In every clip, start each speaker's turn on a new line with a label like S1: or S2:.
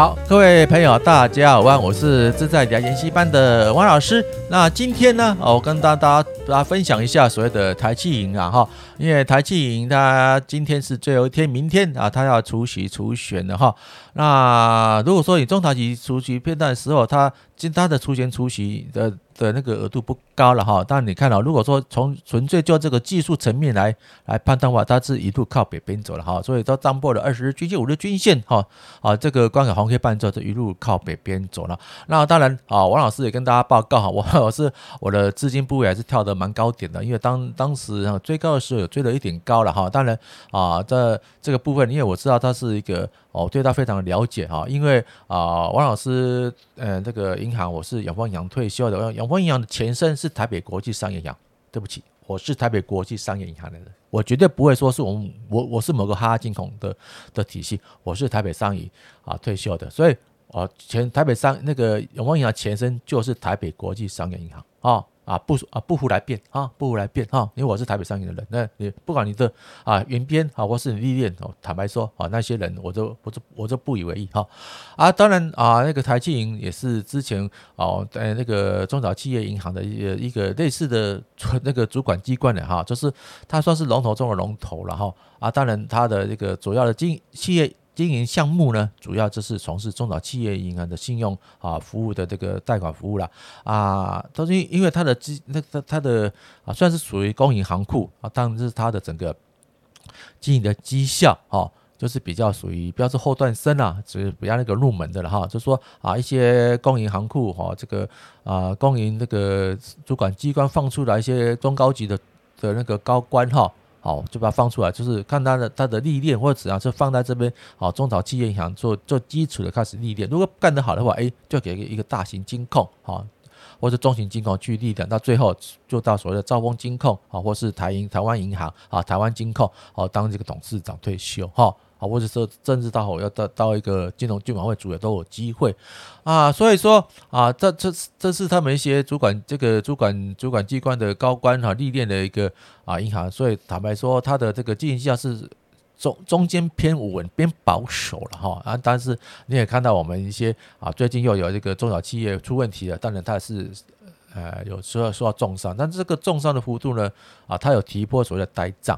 S1: 好，各位朋友，大家好，我是自在理財研習班的王老師。那今天呢，我跟大家來分享一下所謂的台企銀啊，哈，因為台企銀它今天是最後一天，明天啊，它要除息除權的哈。那如果說你中台級出席片段的時候，它其他的初選出席的。對，那個額度不高了哈，但你看到，啊，如果說從純粹就這個技術層面來來判斷的話，它是一路靠北邊走了哈，所以它站破了二十日均線、五日均線哈啊，這個關口紅 K 線之後就一路靠北邊走了。那當然啊，王老師也跟大家報告哈，我我是我的資金部位還是跳得蠻高點的，因為當當時，啊、追高的時候有追了一點高了哈。當然啊，在這個部分，因為我知道它是一個哦，對它非常了解哈，啊，因為啊，王老師嗯，呃，這個銀行我是陽光陽退休的永豐銀行的前身是台北國際商業銀行。對不起，我是台北國際商業銀行的人，我絕對不會說是我們我我是某個哈哈金控的的體系，我是台北商銀啊、呃、退休的，所以啊、呃、前台北商那個永豐銀行前身就是台北國際商業銀行啊。哦啊不啊不服來辯啊不服來辯哈、啊！因為我是台北商銀的人，那你不管你的啊援編啊或是你歷練哦、啊，坦白說啊那些人我都我就我就不以為意哈！啊，啊當然啊那個台企銀也是之前哦在、啊哎、那個中小企業銀行的一個一個類似的那個主管機關的哈、啊，就是他算是龍頭中的龍頭了哈！啊當然他的這個主要的經企業。經營項目呢，主要就是從事中小企業銀行的信用啊服務的這個貸款服務啦。啊，啊。都是因為它的資那它它的啊，算是屬於公營行庫啊，但是它的整個經營的績效啊，就是比較屬於不要是後段生啦，所以不要那個入門的了哈、啊。就是說啊，一些公營行庫哈，這個啊，公營這個主管機關放出來一些中高級的的那個高官哈、啊。好，就把它放出來，就是看它的它的歷練或者怎樣、啊，就放在這邊。好、啊，中小企業銀行做做基礎的開始歷練，如果幹得好的話，哎、欸，就給一個大型金控啊，或是中型金控去歷練，到最後就到所謂的兆豐金控啊，或是台銀台灣銀行啊，台灣金控好、啊、當這個董事長退休哈。啊啊，或者說政治大夥要到到一個金融監管會組也都有機會啊，所以說啊，這這這是他們一些主管這個主管主管機關的高官哈歷練的一個啊銀行，所以坦白說，它的這個經營下是中中間偏穩邊保守了哈啊，但是你也看到我們一些啊最近又有這個中小企業出問題了，當然他是呃有時候受到重傷，但是這個重傷的幅度呢啊，它有提撥所謂的呆賬，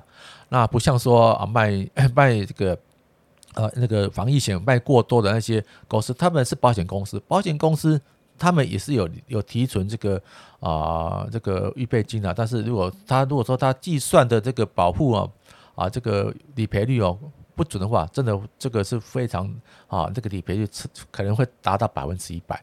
S1: 那不像說啊賣、哎、賣這個。呃，那個防疫險賣過多的那些公司，他們是保險公司，保險公司他們也是有有提存這個啊、呃、這個預備金啊，但是如果他如果說他計算的這個保護啊啊這個理賠率哦不準的話，真的這個是非常啊這個理賠率可能會達到百分之一百。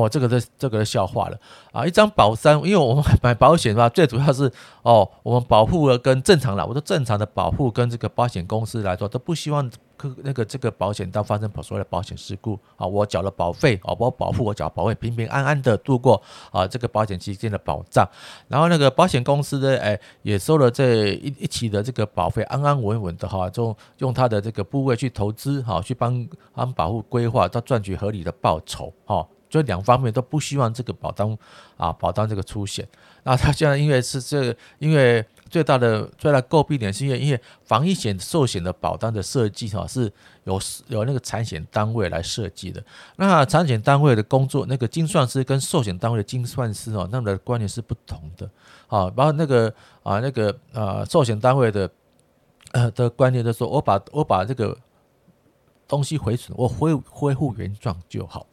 S1: 哦，這個是這個的笑話了啊！一張保單，因為我們買保險吧，最主要是哦，我們保護跟正常了。我說正常的保護跟這個保險公司來說，都不希望可那個這個保險當發生所謂的保險事故啊、哦。我繳了保費，好、哦，我保護我繳保費，平平安安的度過啊這個保險期間的保障。然後那個保險公司呢，誒、欸，也收了這一一期的這個保費，安安穩穩的哈、哦，就用他的這個部位去投資哈、哦，去幫他們保護規劃，他賺取合理的報酬哈。哦所以兩方面都不希望這個保單啊，保單這個出險。那他現在因為是這個，因為最大的最大的詬病點是因為，因為防疫險壽險的保單的設計哈、啊，是由由那個產險單位來設計的。那產險單位的工作，那個精算師跟壽險單位的精算師哦，他們的觀念是不同的。好，包括那個啊，那個啊，壽險單位的呃的觀念就是說，我把我把這個東西回存，我恢恢復原狀就好。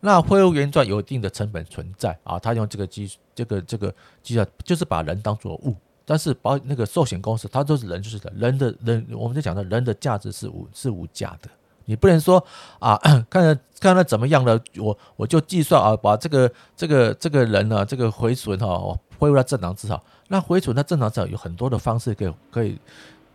S1: 那恢復原狀有一定的成本存在啊，他用這個計這個這個計算就是把人當做物，但是保那個壽險公司他都是人，就是的人的人，我們就講的，人的價值是無是無價的，你不能說啊，看了看他怎麼樣了，我我就計算啊，把這個這個這個人呢、啊，這個毀損哈恢復到正常之後，那毀損到正常之後有很多的方式可以可以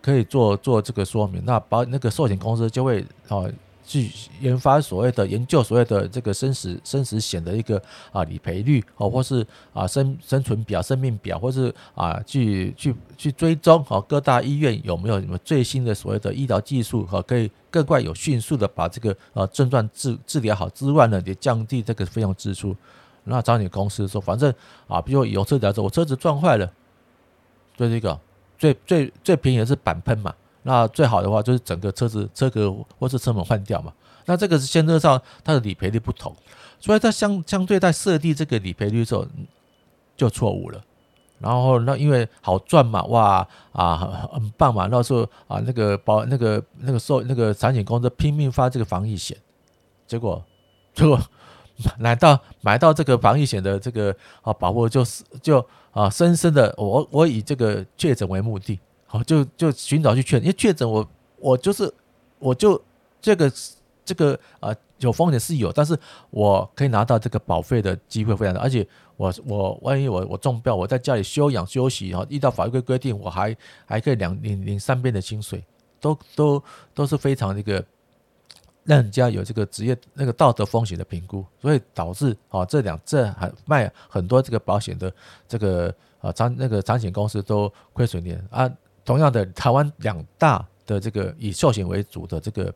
S1: 可以做做這個說明，那保那個壽險公司就會啊。去研發所謂的研究所謂的這個生死生死險的一個啊理賠率哦，或是啊生生存表、生命表，或是啊去去去追蹤哦、啊、各大醫院有沒有什麼最新的所謂的醫療技術哦、啊，可以更快有迅速的把這個呃、啊、症狀治治療好之外呢，也降低這個費用支出。那找你公司說，反正啊，比如有車子來說，我車子撞壞了，就這、是、個最最最便宜的是板噴嘛。那最好的話就是整個車子車殼或是車門換掉嘛。那這個是新車上它的理賠率不同，所以它相相對在設定這個理賠率的時候就錯誤了。然後那因為好賺嘛，哇啊很棒嘛，那時候啊那個保那個那個售那個產險公司拼命發這個防疫險，結果結果買到買到這個防疫險的這個啊保戶就是就啊深深的我我以這個確診為目的。好，就就尋找去確診，因為確診我我就是我就這個這個啊、呃，有風險是有，但是我可以拿到這個保費的機會非常的，而且我我萬一我我中標，我在家裡休養休息，然、哦、後遇到法規規定，我還還可以領領三倍的薪水，都都都是非常那個讓人家有這個職業那個道德風險的評估，所以導致啊、哦、這兩這還賣很多這個保險的這個啊產那個產險公司都虧損點啊。同樣的，台灣兩大的這個以壽險為主的這個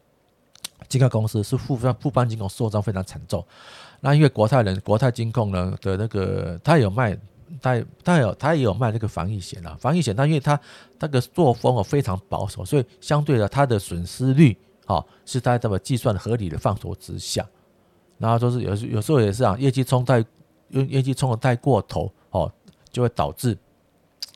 S1: 金控公司是富富邦金控受傷非常慘重，那因為國泰人國泰金控呢的那個，他有賣，他它有，他，有他也有賣這個防疫險啊，防疫險。它因為他它的作風啊非常保守，所以相對的他的損失率啊、哦、是在這麼計算合理的範疇之下。然後就是有有時候也是啊，業績衝太因為業績衝的太過頭哦，就會導致。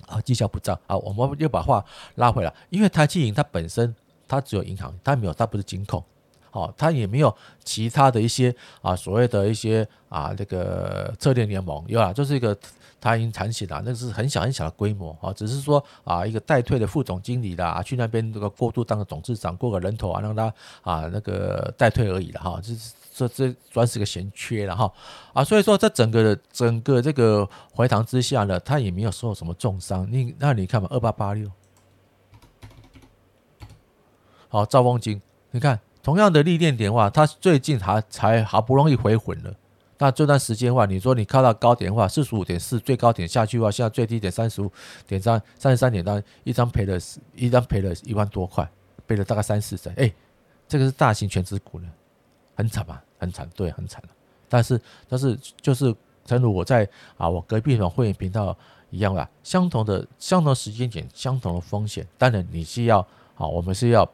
S1: 啊，績效、哦、不彰。啊，我們又把話拉回來，因為台企銀它本身它只有銀行，它沒有，它不是金控。哦，他也沒有其他的一些啊，所謂的一些啊，那個策略聯盟有啊，就是一個他已經殘血了，那個是很小很小的規模啊，只是說啊，一個待退的副總經理啦、啊，去那邊這個過渡當個董事長過個人頭啊，讓他啊那個待退而已了哈，這這這算是個閒缺了哈啊，啊，所以說在整個的整個這個回堂之下呢，他也沒有受什麼重傷。你那你看嘛，二八八六，好，兆豐金，你看。同樣的歷練點的話，它最近還才好不容易回魂了。那這段時間的話，你說你看到高點的話，四十五點四最高點下去的話，現在最低點三十五點三三十三點三，當一張賠了，一張賠了一萬多塊，賠了大概三四成。誒，這個是大型權值股呢，很慘吧，很慘，對，很慘。但是，但是就是，誠如我在啊，我隔壁的會員頻道一樣啦，相同的相同時間點，相同的風險，當然你是要啊，我們是要。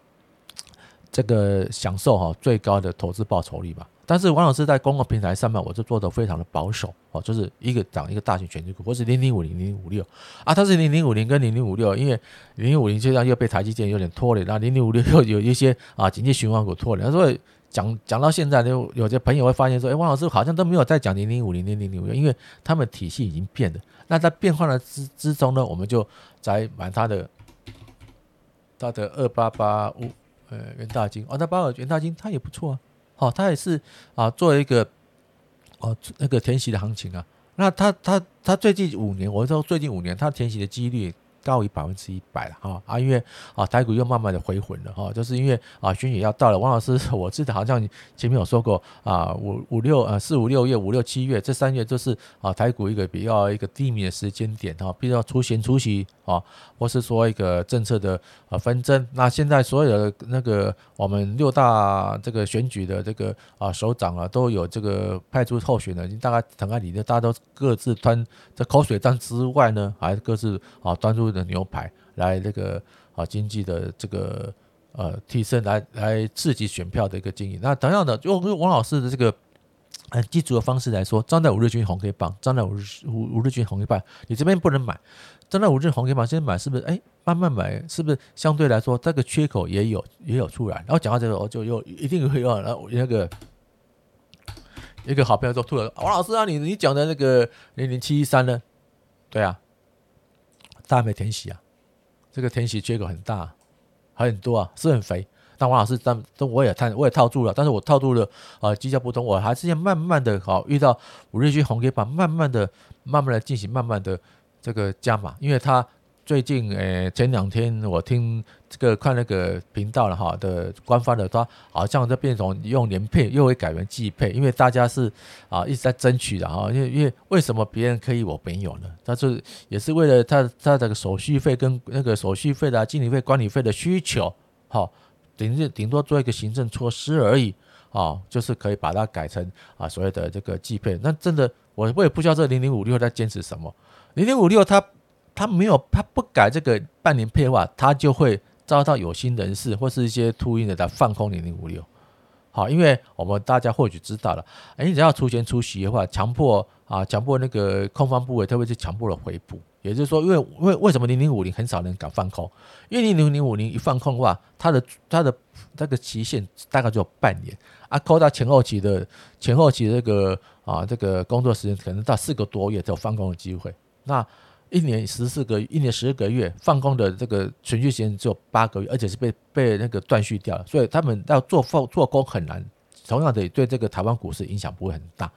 S1: 這個享受哈最高的投資報酬率吧。但是王老師在公共平台上面，我是做的非常的保守哦，就是一個漲一個大型權值股，或是零零五零零五六啊，它是零零五零跟零零五六，因為零零五零就像又被台積電有點拖累，然後零零五六又有一些啊，經濟循環股拖累，所以講講到現在，就有些朋友會發現說，哎，王老師好像都沒有在講零零五零零零五六，因為他們體系已經變了。那在變化的之之中呢，我們就在買它的它的二八八五。呃，元大金哦，那包括元大金，他也不錯啊，哦，他也是啊，做了一個哦那個填息的行情啊，那他他他最近五年，我說最近五年他填息的幾率，高於百分之一百了啊！啊，因為啊，台股又慢慢的回魂了哈、啊，就是因為啊，選舉要到了。王老師，我記得好像前面有說過啊，五五六啊，四五六月、五六七月這三月都是啊，台股一個比較一個低迷的時間點哈，必須要除權除息啊，或是說一個政策的啊紛爭。那現在所有的那個我們六大這個選舉的這個啊，首長啊，都有這個派出候選人，大概大概你的，大家都各自端在口水戰之外呢，還是各自啊，端出，的牛排來這個啊，經濟的這個呃提升，來來刺激選票的一個經營。那同樣的，用王老師的這個呃基礎的方式來說，站在五日均紅黑棒，站在到五日五五日均紅黑棒，你這邊不能買，站在五日紅黑棒先現在買是不是？哎，慢慢買是不是？相對來說，這個缺口也有也有出來。然後講到這個，我就又一定會有那個一個好朋友就突然，王老師啊，你你講的那個零零七一三呢？對啊。他還沒填息啊，這個填息缺口很大，還很多啊，是很肥。但王老師，但我也套，我也套住了，但是我套住了啊，機構不動，我還是要慢慢的、啊，好遇到五日均線紅 K 棒，慢慢的，慢慢的進行，慢慢的這個加碼，因為它。最近，呃，前兩天我聽這個看那個頻道了哈的官方的說，好像在變成用年配又會改為季配，因為大家是啊一直在爭取的哈，因因為為什麼別人可以我沒有呢？但是也是為了他他的手續費跟那個手續費的經理費、管理費的需求哈，頂頂多做一個行政措施而已啊，就是可以把它改成啊所謂的這個季配。那真的我也不不知道這零零五六在堅持什麼，零零五六它。他沒有，他不改這個半年配的話，他就會遭到有心人士或是一些禿鷹的在放空零零五六。好，因為我們大家或許知道了，誒，你只要除權除息的話，強迫啊，強迫那個空方部位，他會去強迫的回補，也就是說，因為為為什麼零零五零很少人敢放空？因為零零零五零一放空的話，它的它的那個期限大概只有半年，啊，扣到前後期的前後期的這個啊這個工作時間可能到四個多月才有放空的機會，那。一年十四個，一年十二個月放工的這個存續時間只有八個月，而且是被被那個斷續掉了，所以他們要做做工很難。同樣的，對這個台灣股市影響不會很大。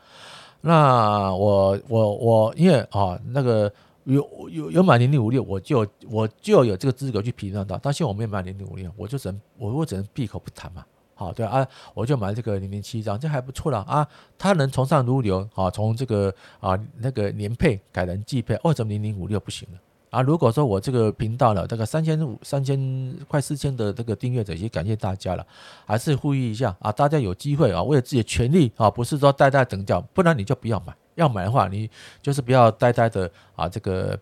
S1: 那我我我因為啊，那個有有有買0056，我就我就有這個資格去評論到。但是我沒有買0056，我就只能我我只能閉口不談嘛。好，對啊，我就買這個零零七張，這還不錯了啊。它能從善如流，啊，從這個啊那個年配改成季配，為什麼零零五六不行了？啊，啊，如果說我這個頻道了，這個三千五、三千快四千的這個訂閱者，也感謝大家了，還是呼籲一下啊，大家有機會啊，為了自己的權利啊，不是說呆呆等掉，不然你就不要買，要買的話，你就是不要呆呆的啊，這個。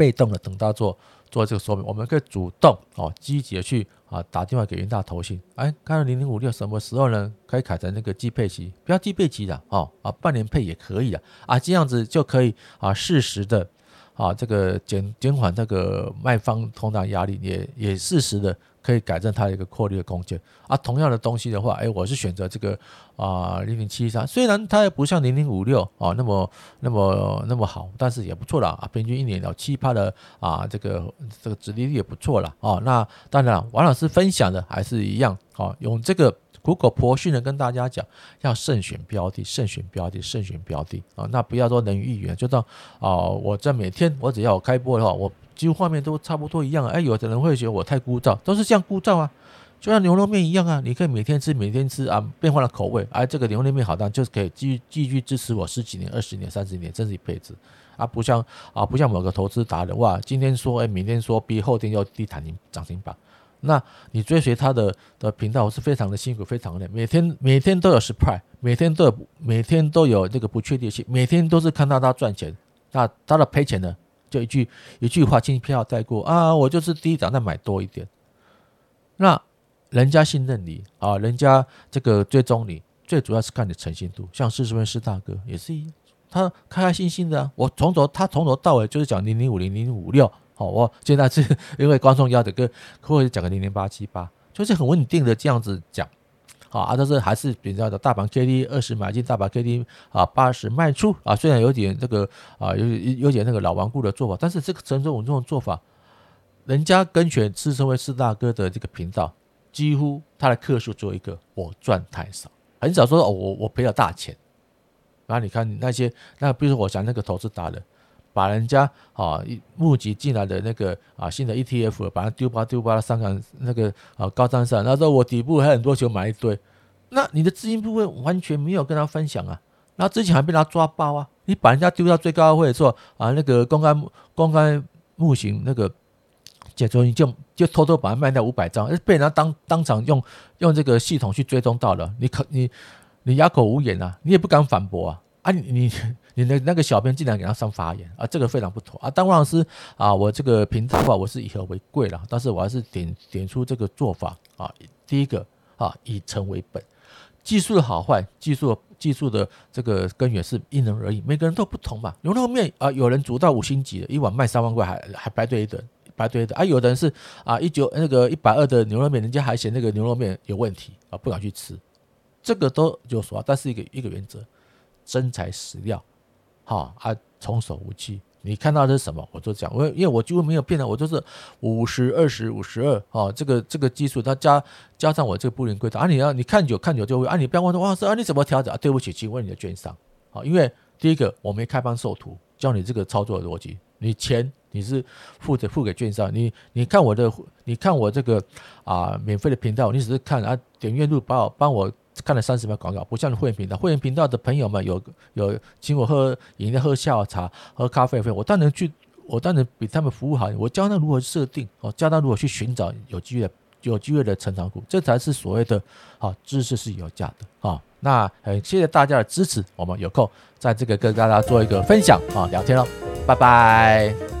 S1: 被動的等到做做這個說明，我們可以主動哦，積極的去啊打電話給元大投信，哎，看到零零五六什麼時候呢？可以改成那個季配期，不要季配期的哦，啊、啊，半年配也可以的啊、啊，這樣子就可以啊，適時的啊這個減減緩這個賣方通脹壓力，也也適時的。可以改正它的一個擴力的空間啊，同樣的東西的話，誒，我是選擇這個啊零零七三，雖然它也不像零零五六啊那麼那麼那麼好，但是也不錯了啊，平均一年有七趴的啊，這個這個殖利率也不錯了啊。那當然，王老師分享的還是一樣啊、哦，用這個苦口婆心的跟大家講，要慎選標的，慎選標的，慎,慎選標的啊，那不要說人云亦云，就到啊，我在每天我只要我開播的話，我。幾乎畫面都差不多一樣，啊，哎，欸，有的人會覺得我太枯燥，都是像枯燥啊，就像牛肉麵一樣啊，你可以每天吃，每天吃啊，變換了口味，而，啊、這個牛肉麵好當，就是可以繼繼續支持我十幾年、二十年、三十年，甚至一輩子，啊，不像啊，不像某個投資達人哇，今天說哎，明，欸、天說比後天要低彈你漲停板，那你追隨他的的頻道是非常的辛苦，非常的累，每天每天都有 surprise，每天都有每天都有這個不確定性，每天都是看到他賺錢，那他，他的賠錢呢？就一句一句話輕飄帶過啊，我就是第一檔再買多一點，那人家信任你啊，人家這個追蹤你，最主要是看你的誠信度。像施昇輝大哥也是一，他開開心心的、啊，我從頭他從頭到尾就是講零零五零零五六，好，我現在是因為觀眾要的跟，可以講個零零八七八，就是很穩定的這樣子講。啊，但是還是比較的，大盤 K D 二十買進，大盤 K D 啊八十賣出。啊，雖然有點那個啊，有有點那個老頑固的做法，但是這個陳忠我這種做法，人家跟選自稱為四大哥的這個頻道，幾乎他的客數只有一個，我賺太少，很少說哦，我我賠了大錢。那，啊，你看那些，那比如說我講那個投資達人。把人家啊募集進來的那個啊新的 ETF，把它丟吧丟吧，港那個啊高檔上，那時候我底部還很多球買一堆，那你的資金部分完全沒有跟他分享啊，然後之前還被他抓包啊，你把人家丟到最高位的時候啊，那個公開公開募行那個解除你就就偷偷把它賣掉五百張，而是被人家當當場用用這個系統去追蹤到了你，你可你你啞口無言啊，你也不敢反駁啊。啊，你你你的那個小編竟然給他上發言啊，這個非常不妥啊！但王老師啊，我這個頻道啊，我是以和為貴了，但是我還是點點出這個做法啊。第一個啊，以誠為本，技術的好壞，技術技術的這個根源是因人而異，每個人都不同嘛。牛肉麵啊，有人煮到五星級的，一碗賣三萬塊還還白對一頓白對一頓，啊，有的人是啊一九那個一百二的牛肉麵，人家還嫌那個牛肉麵有問題啊，不敢去吃，這個都就說，但是一個一個原則。真材實料，哈啊，童叟無欺，你看到的是什麼？我就講，我因為我幾乎沒有騙人，我就是五十二十五十二哦。這個這個技術，它加加上我這個布林軌道，啊。你要、啊、你看久看久就會啊，你不要問我哇塞啊，你怎麼調整啊？對不起，請問你的券商啊，因為第一個我沒開班授徒，教你這個操作邏輯。你錢你是付的付給券商，你你看我的你看我這個啊免費的頻道，你只是看啊，點閱率幫我幫我。看了三十秒廣告，不像會員頻道。會員頻道的朋友們有有請我喝飲料、喝下午茶、喝咖啡。我當然去，我當然比他們服務好。我教他如何設定，我教他如何去尋找有機會、有機會的成長股，這才是所謂的好知識是有價的。好，那很謝謝大家的支持，我們有空在這個跟大家做一個分享啊，聊天嘍，拜拜。